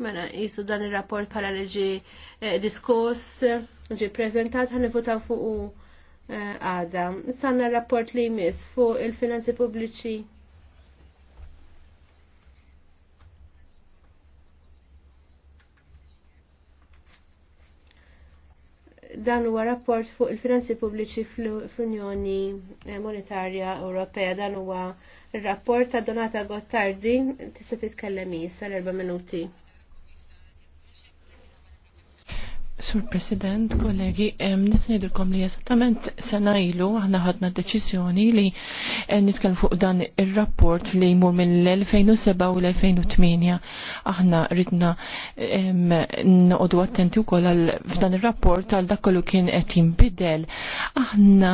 Mela, jisu dan il-rapport pala liġi diskos, eh, ġi prezentat, għan votaw fuq eh, għada. Eh, Sanna rapport li jmiss fuq il-finanzi pubbliċi. dan huwa rapport fuq il-finanzi pubbliċi fl-Unjoni eh, Monetarja Ewropea. Dan huwa il-rapport ta' Donata Gottardi tista' titkellem sal erba' minuti. Sur President, kollegi, nisnidilkom li jesattament sena ilu aħna ħadna deċiżjoni li nitkell fuq dan ir-rapport li jmur minn l 2007 u l-2008. Aħna ridna noqogħdu attenti wkoll għal f'dan ir-rapport għal dak kollu kien qed jinbidel. Aħna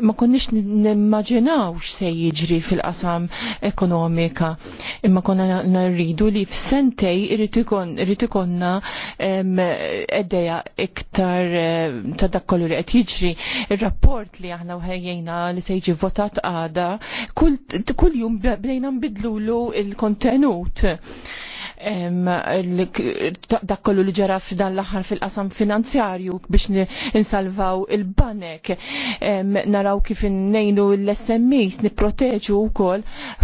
ma konniex nimmaġinawx se jiġri fil-qasam ekonomika, imma konna rridu li f'sentej irid ikonna eddeja iktar ta' dakollu li qed jiġri. Ir-rapport li aħna wħejjejna li se jiġi votat għada, kull jum bdejna nbidlulu il-kontenut dak kollu li ġara f'dan l-aħħar fil-qasam finanzjarju biex insalvaw il-banek naraw kif innejnu l-SMEs nipproteġu wkoll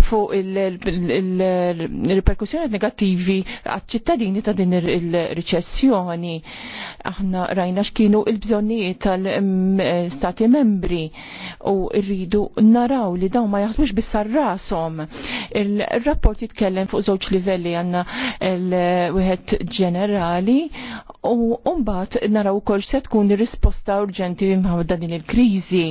fuq il-reperkussjoni negattivi għat ċittadini ta' din il-riċessjoni. Aħna rajna x'kienu il-bżonnijiet tal-Stati membri u rridu naraw li dawn ma jaħsbux bissar rasom. Il-rapport jitkellem fuq żewġ livelli għanna l-wieħed ġenerali u mbagħad naraw ukoll se tkun risposta urġenti mħabda din il-kriżi.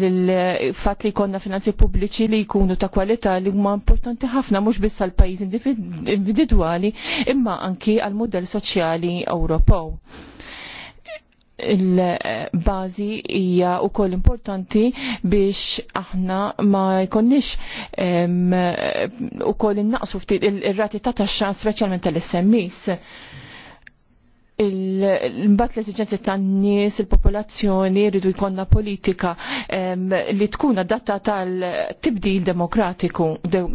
il fat li konna finanzi pubbliċi li jkunu ta' kwalità li huma importanti ħafna mhux biss għall pajjiż individwali imma anki għall mudell soċjali Ewropew il-bazi hija wkoll importanti biex aħna ma jkonniex ukoll innaqsu ftit ir-rati ta' taxxa speċjalment tal smis il-mbat l ta' n nies il-popolazzjoni, rridu jkollna politika li tkun adatta tal-tibdil demokratiku,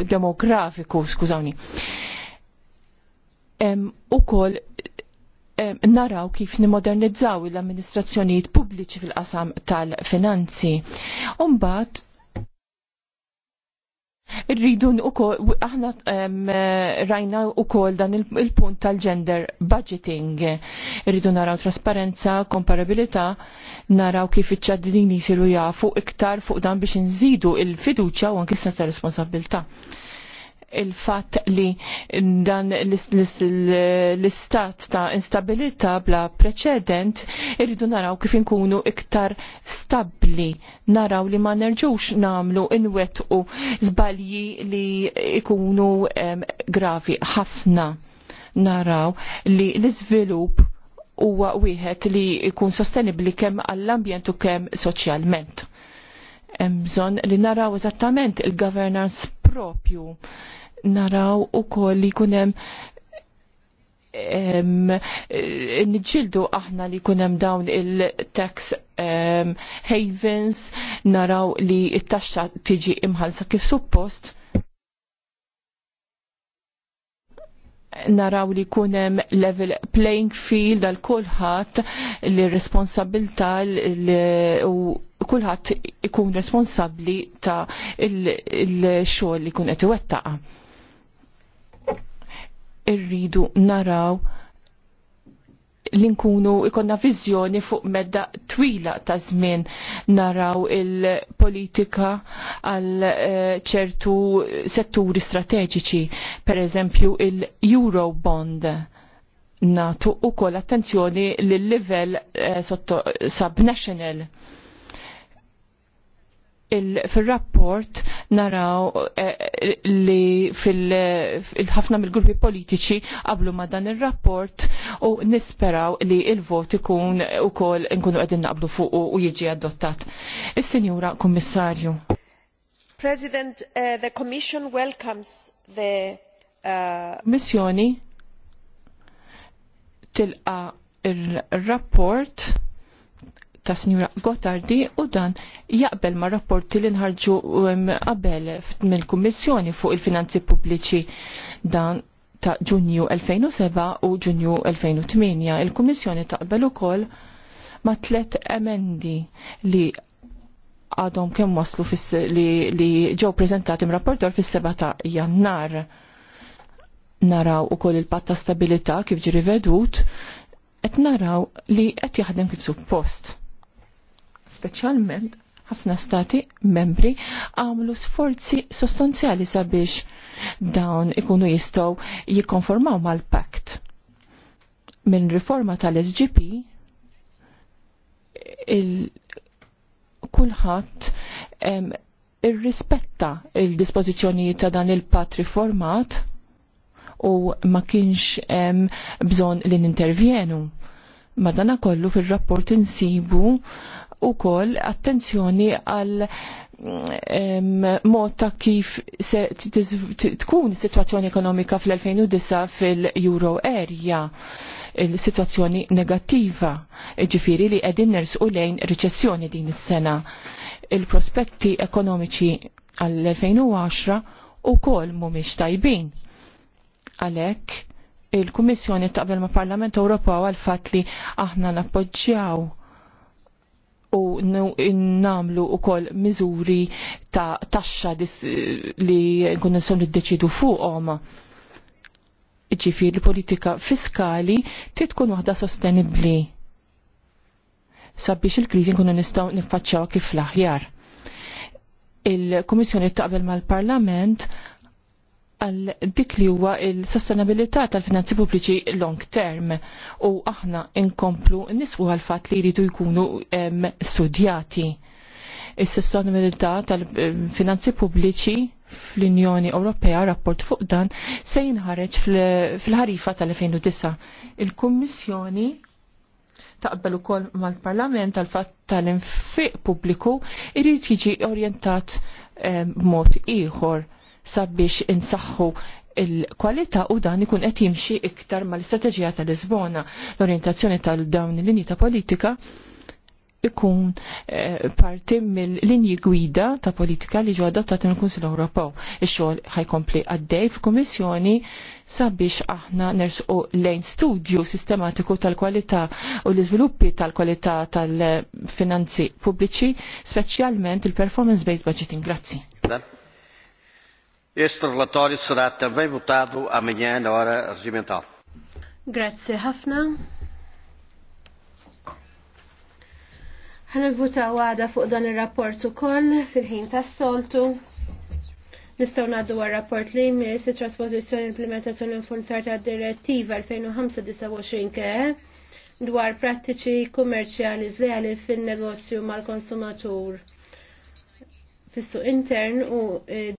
demografiku, skużawni. U koll naraw kif nimodernizzaw l-amministrazzjonijiet pubbliċi fil-qasam tal-finanzi. Umbat, Rridu n aħna um, rajna kol dan il-punt il tal-gender budgeting. Rridu naraw trasparenza, komparabilità, naraw kif iċ-ċaddini jisiru jafu iktar fuq dan biex nżidu il-fiduċja u anki sens ta' responsabilità il-fat li dan l-istat ta' instabilita bla preċedent irridu naraw kif inkunu iktar stabli naraw li ma nerġux namlu inwet u zbalji li ikunu gravi ħafna naraw li l-izvilup huwa wieħed li ikun sostenibli kemm għall-ambjent u kemm soċjalment. Hemm bżonn li naraw eżattament il-governance propju. Naraw u koll li kunem nġildu aħna li kunem dawn il-tax havens, naraw li it-taxxa tiġi imħalsa kif suppost naraw li kunem level playing field għal kulħadd li responsabilta u kulħadd ikun responsabbli ta' il-xogħol li kun qed iwettaqa. Irridu naraw li nkunu ikonna vizjoni fuq medda twila ta' żmien naraw il-politika għal eh, ċertu setturi strateġiċi, per eżempju il-Eurobond natu u kol attenzjoni l-level eh, sotto subnational fil-rapport naraw eh, eh, li fil-ħafna mill-gruppi politiċi qablu ma dan il-rapport u nisperaw li il-vot ikun u kol nkunu għedin naqblu fuq u jieġi adottat. Il-Senjura Kommissarju. President, uh, the Commission welcomes the... Uh... Missjoni tilqa il-rapport ta' Sinjura Gotardi u dan jaqbel ma' rapporti li nħarġu um, qabel mill-Kummissjoni fuq il-Finanzi Pubbliċi dan ta' Ġunju 2007 u Ġunju 2008. Il-Kummissjoni taqbel ukoll ma' tlet emendi li għadhom kemm waslu li, li ġew preżentati mrapportor fis-7 ta' Jannar. Naraw ukoll il ta' stabilità kif ġiri vedut, qed naraw li qed jaħdem kif suppost. Speċjalment ħafna stati membri għamlu sforzi sostanzjali sabiex dawn ikunu jistaw jikonformaw mal-pakt. Minn riforma tal-SGP il-kulħat irrispetta il il ta' dan il-pat riformat u ma kienx bżon li nintervjenu. intervjenu Madana kollu fil-rapport insibu u koll attenzjoni għal mod ta' kif se tkun situazzjoni ekonomika fl-2009 fil-euro area il-situazzjoni negattiva ġifiri li edin ners u lejn riċessjoni din is-sena il-prospetti ekonomiċi għall-2010 u kol mumiex tajbin għalek il-Kummissjoni taqbel ma' Parlament Ewropew għal fatt li aħna nappoġġjaw u namlu u kol miżuri ta' taxxa li nkunu nsom niddeċidu fuqhom. Ġifieri l-politika fiskali titkun waħda sostenibbli sabiex il-kriżi nkunu nistgħu niffaċċjaw kif l-aħjar. Il-Kummissjoni taqbel mal-Parlament għal dik li huwa il-sostenabilità tal-finanzi pubbliċi long term u aħna inkomplu nisfu għal fatt li jridu jkunu studjati. Is-sostenabilità tal-finanzi pubbliċi fl-Unjoni Ewropea rapport fuq dan se jinħareġ fil-ħarifa tal-2009. Il-Kummissjoni taqbel ukoll mal-Parlament tal-fatt tal-infiq pubbliku irid jiġi orjentat b'mod ieħor sabiex insaħħu il-kwalità u dan ikun qed jimxi iktar mal-istrateġija ta' Lisbona. L-orientazzjoni tal-dawn il-linji ta' politika ikun eh, parti mill-linji gwida ta' politika li ġew adottat mill-Kunsil Ewropew. Ix-xogħol ħajkompli għaddej f'Kummissjoni sabiex aħna nersqu lejn studju sistematiku tal-kwalità u l-iżviluppi tal-kwalità tal-finanzi pubbliċi, speċjalment il-performance-based budgeting. Grazzi. Este relatório será também votado amanhã na hora regimental. Grazie ħafna. Ħan votaw għada fuq dan ir-rapport ukoll fil-ħin tas-soltu. Nistgħu ngħaddu rapport li jmiss it trasposizjoni implementazzjoni funzjar tad-direttiva 2025 ke dwar prattiċi kummerċjali żleali fin-negozju mal-konsumatur fis-suq intern u eh,